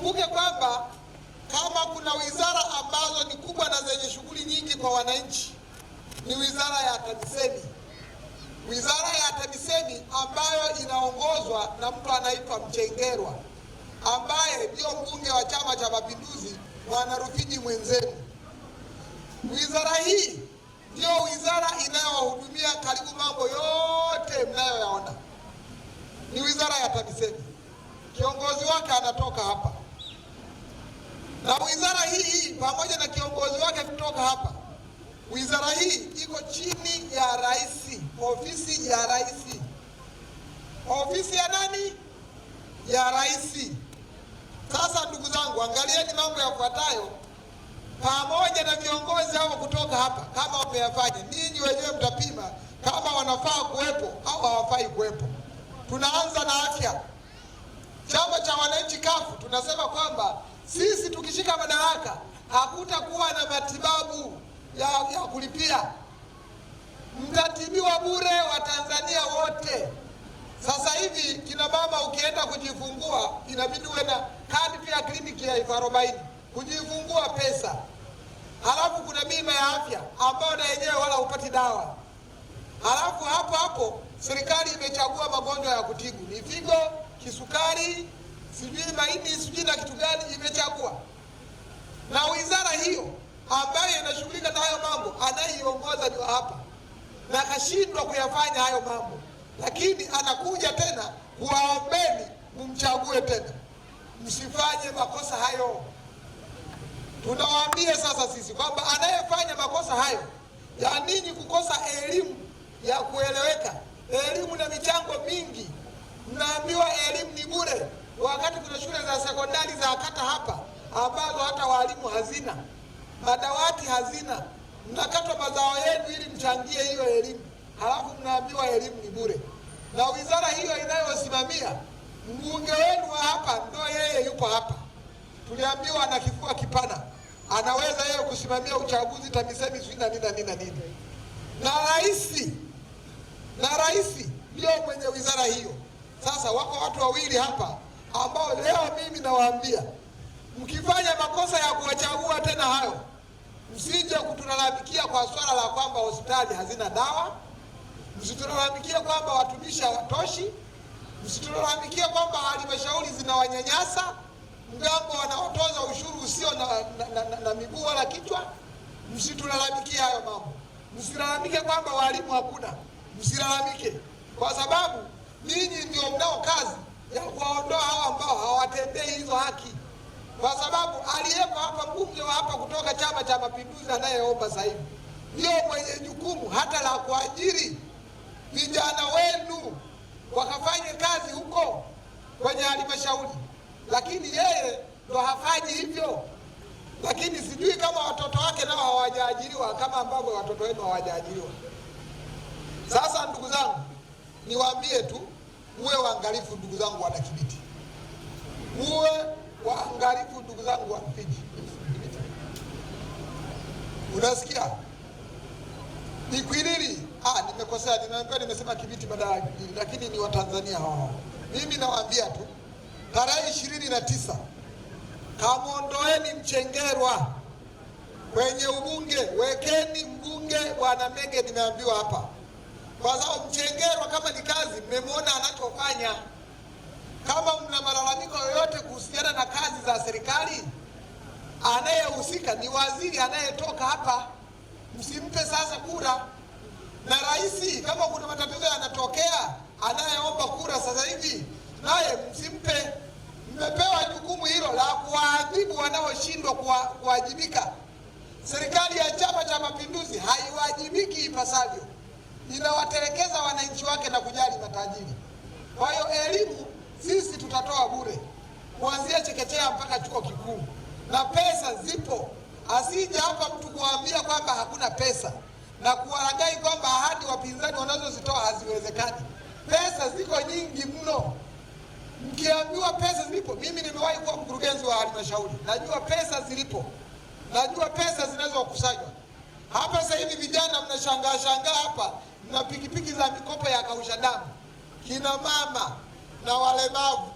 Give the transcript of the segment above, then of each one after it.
tukumbuke kwamba kama kuna wizara ambazo ni kubwa na zenye shughuli nyingi kwa wananchi ni wizara ya TAMISEMI, wizara ya TAMISEMI ambayo inaongozwa na mtu anaitwa Mchengerwa ambaye ndio mbunge wa Chama cha Mapinduzi, Bwana Rufiji mwenzenu. Wizara hii ndio wizara inayowahudumia karibu mambo yote mnayoyaona, ni wizara ya TAMISEMI. Kiongozi wake anatoka hapa hii pamoja na kiongozi wake kutoka hapa, wizara hii iko chini ya rais, ofisi ya rais, ofisi ya nani? Ya rais. Sasa ndugu zangu, angalieni mambo yafuatayo pamoja na viongozi hao kutoka hapa, kama wameyafanya, ninyi wenyewe mtapima kama wanafaa kuwepo au hawafai kuwepo. Tunaanza na afya. Chama cha wananchi kafu tunasema kwamba sisi tukishika madaraka hakutakuwa na matibabu ya, ya kulipia, mtatibiwa bure wa Tanzania wote. Sasa hivi kina mama ukienda kujifungua inabidi uwe na kadi pia kliniki ya elfu arobaini kujifungua pesa, halafu kuna bima ya afya ambayo na yenyewe wala hupati dawa, halafu hapo hapo serikali imechagua magonjwa ya kutibu: figo, kisukari sijui maini sijui na kitu gani imechagua, na wizara hiyo ambayo inashughulika na hayo mambo anayeiongoza ni hapa na kashindwa kuyafanya hayo mambo, lakini anakuja tena kuwaombeni mumchague tena, msifanye makosa hayo. Tunawaambia sasa sisi kwamba anayefanya makosa hayo ya nini kukosa elimu ya kueleweka kata hapa ambazo hata walimu hazina, madawati hazina, mnakatwa mazao yenu ili mchangie hiyo elimu, halafu mnaambiwa elimu ni bure na wizara hiyo inayosimamia mbunge wenu wa hapa ndo yeye yuko hapa, tuliambiwa ana kifua kipana, anaweza yeye kusimamia uchaguzi TAMISEMI sijui na nini na nini na nini, na rais na rais ndio mwenye wizara hiyo. Sasa wako watu wawili hapa ambao leo mimi nawaambia mkifanya makosa ya kuwachagua tena hayo, msije kutulalamikia kwa swala la kwamba hospitali hazina dawa, msitulalamikie kwamba watumishi hawatoshi, msitulalamikie kwamba halmashauri zinawanyanyasa mgambo wanaotoza ushuru usio na, na, na, na, na miguu wala kichwa. Msitulalamikie hayo mambo, msilalamike kwamba walimu hakuna, msilalamike kwa sababu ninyi ndio mnao kazi ya kuwaondoa hawa ambao hawatembei hizo haki, kwa sababu aliyepo hapa, mbunge wa hapa kutoka Chama cha Mapinduzi anayeomba sasa hivi ndio mwenye jukumu hata la kuajiri vijana wenu wakafanye kazi huko kwenye halmashauri, lakini yeye ndo hafanyi hivyo. Lakini sijui kama watoto wake nao hawajaajiriwa kama ambavyo watoto wenu hawajaajiriwa. Sasa ndugu zangu, niwaambie tu Uwe waangalifu ndugu zangu wana Kibiti, uwe waangalifu ndugu zangu wa Fiji. Unasikia Ikwiriri? Ah, nimekosea, nimeambiwa nimesema Kibiti badala ya Ikwiriri, lakini ni Watanzania hao. Mimi nawaambia tu tarehe ishirini na tisa kamwondoeni Mchengerwa kwenye ubunge, wekeni mbunge bwana Mege, nimeambiwa hapa kwa sababu Mchengerwa kama ni kazi, mmemwona anachofanya. Kama mna malalamiko yoyote kuhusiana na kazi za serikali, anayehusika ni waziri anayetoka hapa, msimpe sasa kura. Na rais, kama kuna matatizo yanatokea, anayeomba kura sasa hivi naye msimpe. Mmepewa jukumu hilo la kuwaadhibu wanaoshindwa kuwajibika. Serikali ya Chama cha Mapinduzi haiwajibiki ipasavyo inawatelekeza wananchi wake na kujali matajiri. Kwa hiyo elimu sisi tutatoa bure kuanzia chekechea mpaka chuo kikuu, na pesa zipo. Asije hapa mtu kuambia kwamba hakuna pesa na kuwalagai kwamba ahadi wapinzani wanazozitoa haziwezekani. Pesa ziko nyingi mno, mkiambiwa pesa zilipo. Mimi nimewahi kuwa mkurugenzi wa halmashauri, najua pesa zilipo, najua pesa zinazokusanywa hapa. Sasa hivi vijana mnashangaa shangaa hapa na pikipiki za mikopo ya kausha damu, kina mama na walemavu.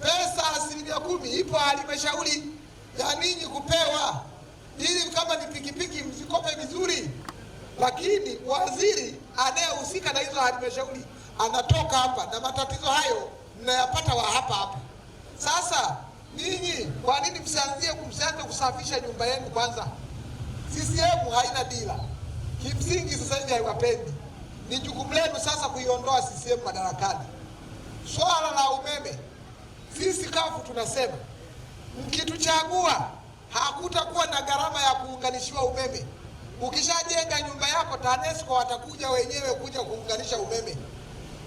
Pesa asilimia kumi ipo halmashauri ya ninyi kupewa, ili kama ni pikipiki mzikope vizuri, lakini waziri anayehusika na hizo halmashauri anatoka hapa na matatizo hayo mnayapata wa hapa hapa. Sasa ninyi kwa nini msianzie kumsianze kusafisha nyumba yenu kwanza? CCM haina dila kimsingi, sasa hivi haiwapendi ni jukumu lenu sasa kuiondoa CCM madarakani. Swala la umeme, sisi kafu tunasema mkituchagua, hakutakuwa na gharama ya kuunganishiwa umeme. Ukishajenga nyumba yako, TANESCO watakuja wenyewe kuja kuunganisha umeme.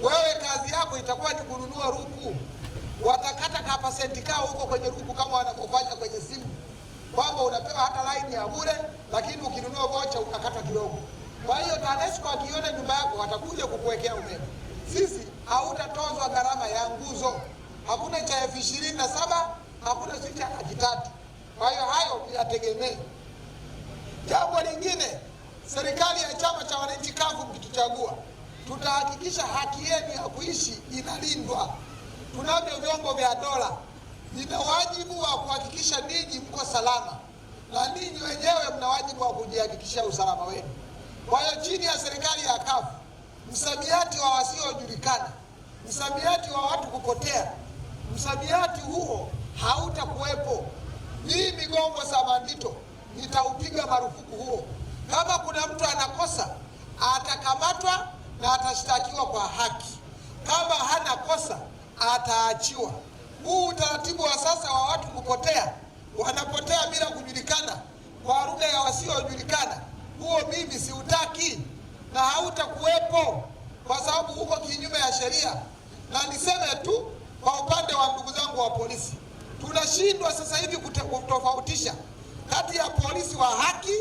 Wewe kazi yako itakuwa ni kununua ruku, watakata kapasenti kao huko kwenye ruku, kama wanapofanya kwenye simu kwamba unapewa hata laini ya bure, lakini ukinunua vocha ukakata kidogo. Kwa hiyo TANESCO akiona nyumba yako watakuja kukuwekea umeme. Sisi hautatozwa gharama ya nguzo, hakuna cha elfu ishirini na saba hakuna si cha laki tatu. Kwa hiyo hayo yategemee. Jambo lingine, serikali ya chama cha wananchi kavu, mkituchagua tutahakikisha haki yenu ya kuishi inalindwa. Tunavyo vyombo vya dola, vina wajibu wa kuhakikisha ninyi mko salama, na ninyi wenyewe mna wajibu wa kujihakikishia usalama wenu. Kwa hiyo chini ya serikali ya kafu msamiati wa wasiojulikana, msamiati wa watu kupotea, msamiati huo hautakuwepo. Hii Migongo Samandito nitaupiga marufuku huo. Kama kuna mtu anakosa atakamatwa na atashtakiwa kwa haki, kama hana kosa ataachiwa. Huu utaratibu wa sasa wa watu kupotea, wanapotea bila kujulikana, kwa lugha ya wasiojulikana huo mimi siutaki na hautakuwepo kwa sababu huko kinyume ya sheria. Na niseme tu kwa upande wa ndugu zangu wa polisi, tunashindwa sasa hivi kutofautisha kati ya polisi wa haki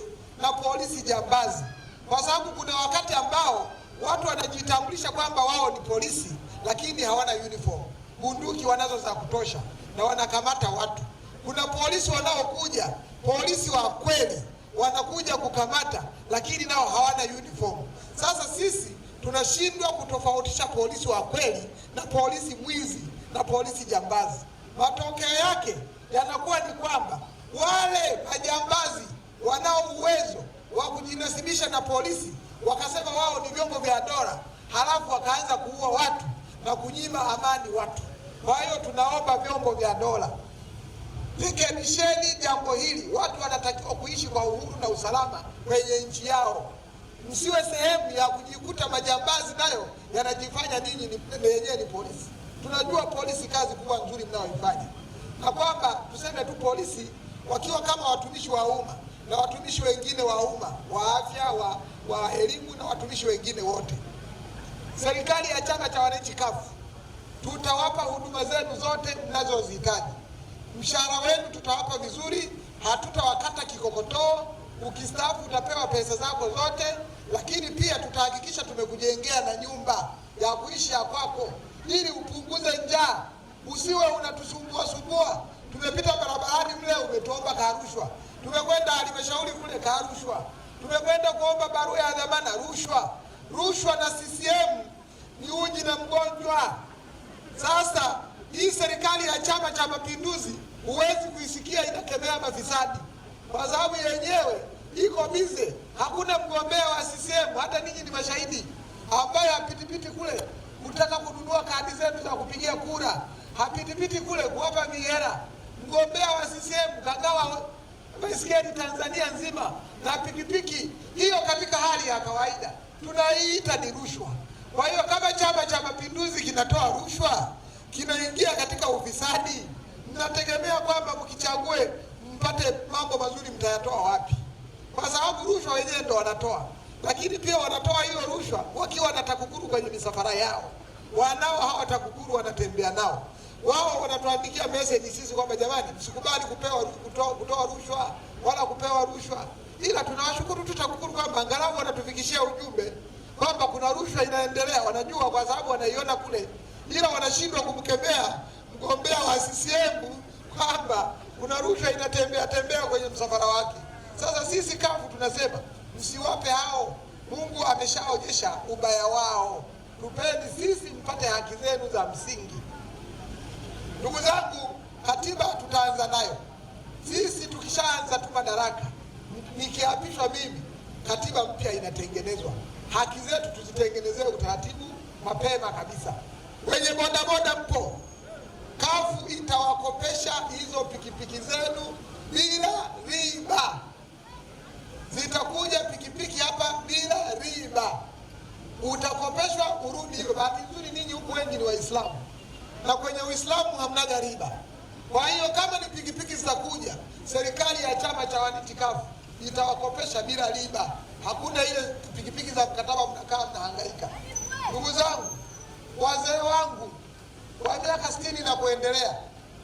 na polisi jambazi, kwa sababu kuna wakati ambao watu wanajitambulisha kwamba wao ni polisi, lakini hawana uniform, bunduki wanazo za kutosha na wanakamata watu. Kuna polisi wanaokuja polisi wa kweli wanakuja kukamata, lakini nao hawana uniform. Sasa sisi tunashindwa kutofautisha polisi wa kweli na polisi mwizi na polisi jambazi. Matokeo yake yanakuwa ni kwamba wale majambazi wanao uwezo wa kujinasibisha na polisi wakasema wao ni vyombo vya dola, halafu wakaanza kuua watu na kunyima amani watu. Kwa hiyo tunaomba vyombo vya dola Piganisheni jambo hili. Watu wanatakiwa kuishi kwa uhuru na usalama kwenye nchi yao, msiwe sehemu ya kujikuta majambazi nayo yanajifanya ninyi yenyewe ni polisi. Tunajua polisi kazi kubwa nzuri mnayoifanya, na kwamba tuseme tu polisi wakiwa kama watumishi wa umma na watumishi wengine wa umma wa afya, wa, wa elimu na watumishi wengine wote, serikali ya chama cha wananchi kafu tutawapa huduma zenu zote mnazozihitaji mshahara wenu tutawapa vizuri, hatutawakata kikokotoo. Ukistaafu utapewa pesa zako zote, lakini pia tutahakikisha tumekujengea na nyumba ya kuishi ya kwako, ili upunguze njaa, usiwe unatusumbua sumbua. Tumepita barabarani mle, umetuomba karushwa, tumekwenda halmashauri kule karushwa, tumekwenda kuomba barua ya dhamana rushwa. Rushwa na CCM ni uji na mgonjwa. Sasa hii serikali ya Chama cha Mapinduzi huwezi kuisikia inakemea mafisadi, kwa sababu yenyewe iko bize. Hakuna mgombea wa CCM, hata ninyi ni mashahidi, ambaye hapitipiti kule kutaka kununua kadi zetu za kupigia kura, hapitipiti kule kuwapa mihera. Mgombea wa CCM kagawa baiskeli Tanzania nzima na pikipiki hiyo, katika hali ya kawaida tunaiita ni rushwa. Kwa hiyo kama Chama cha Mapinduzi kinatoa rushwa, kinaingia katika ufisadi mnategemea kwamba mkichague mpate mambo mazuri, mtayatoa wapi? Kwa sababu rushwa wenyewe ndo wanatoa, lakini pia wanatoa hiyo rushwa wakiwa na TAKUKURU kwenye misafara yao. Wanao hawa TAKUKURU wanatembea nao, wao wanatuandikia message sisi kwamba jamani, msikubali kupewa kutoa, kutoa rushwa wala kupewa rushwa. Ila tunawashukuru tu TAKUKURU kwamba angalau wanatufikishia ujumbe kwamba kuna rushwa inaendelea, wanajua kwa sababu wanaiona kule, ila wanashindwa kumkemea mgombea wa CCM kwamba kuna rushwa inatembea tembea kwenye msafara wake. Sasa sisi kafu tunasema msiwape hao, Mungu ameshaonyesha ubaya wao. Tupeni sisi mpate haki zenu za msingi. Ndugu zangu, katiba tutaanza nayo sisi tukishaanza tu madaraka. Nikiapishwa mimi, katiba mpya inatengenezwa, haki zetu tuzitengenezee utaratibu mapema kabisa. Wenye bodaboda mpo kafu itawakopesha hizo pikipiki zenu bila riba. Zitakuja pikipiki hapa bila riba, utakopeshwa urudi hivyo. Bahati nzuri ninyi huku wengi ni Waislamu na kwenye Uislamu hamnaga riba. Kwa hiyo kama ni pikipiki zitakuja, serikali ya chama cha wananchi kafu itawakopesha bila riba. Hakuna ile pikipiki za mkataba, mnakaa mnahangaika. Ndugu zangu, wazee wangu kwa miaka 60 na kuendelea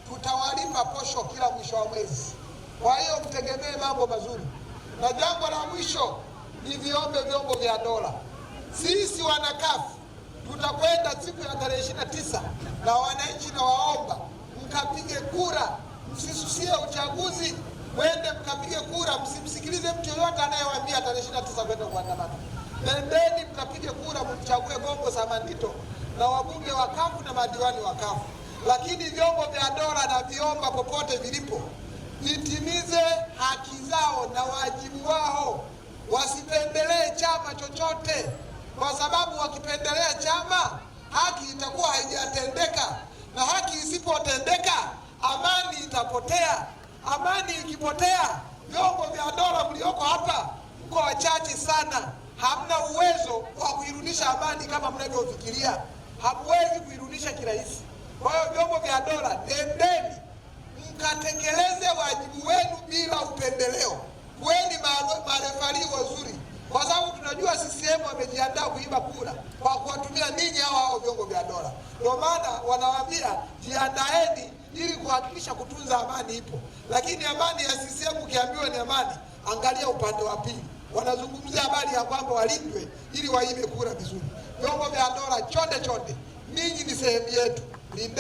tutawalipa posho kila mwisho wa mwezi. Kwa hiyo mtegemee mambo mazuri. Na jambo la mwisho ni viombe vyombo vya dola. Sisi wanakafu tutakwenda siku ya tarehe ishirini na tisa na wananchi na waomba mkapige kura, msisusie uchaguzi, mwende mkapige kura, msimsikilize mtu yoyote anayewambia tarehe ishirini na tisa kwenda kuandamana. Nendeni mkapige kura, mchague Gongo Samandito na wabunge wa kafu na madiwani wa kafu, lakini vyombo vya dola na viomba popote vilipo vitimize haki zao na wajibu wao, wasipendelee chama chochote, kwa sababu wakipendelea chama haki itakuwa haijatendeka, na haki isipotendeka amani itapotea. Amani ikipotea, vyombo vya dola mlioko hapa mko wachache sana, hamna uwezo wa kuirudisha amani kama mnavyofikiria hamuwezi kuirudisha kirahisi. Kwa hiyo vyombo vya dola, nendeni mkatekeleze wajibu wenu bila upendeleo. kweni marefarii wazuri, kwa sababu tunajua CCM wamejiandaa kuiba kura kwa kuwatumia ninyi hao hao vyombo vya dola. Ndio maana wanawaambia jiandaeni, ili kuhakikisha kutunza amani ipo. Lakini amani ya CCM ukiambiwa ni amani, angalia upande wa pili, wanazungumzia habari ya kwamba walindwe ili waibe kura vizuri vyombo vya dola, chonde chonde, ninyi ni sehemu yetu.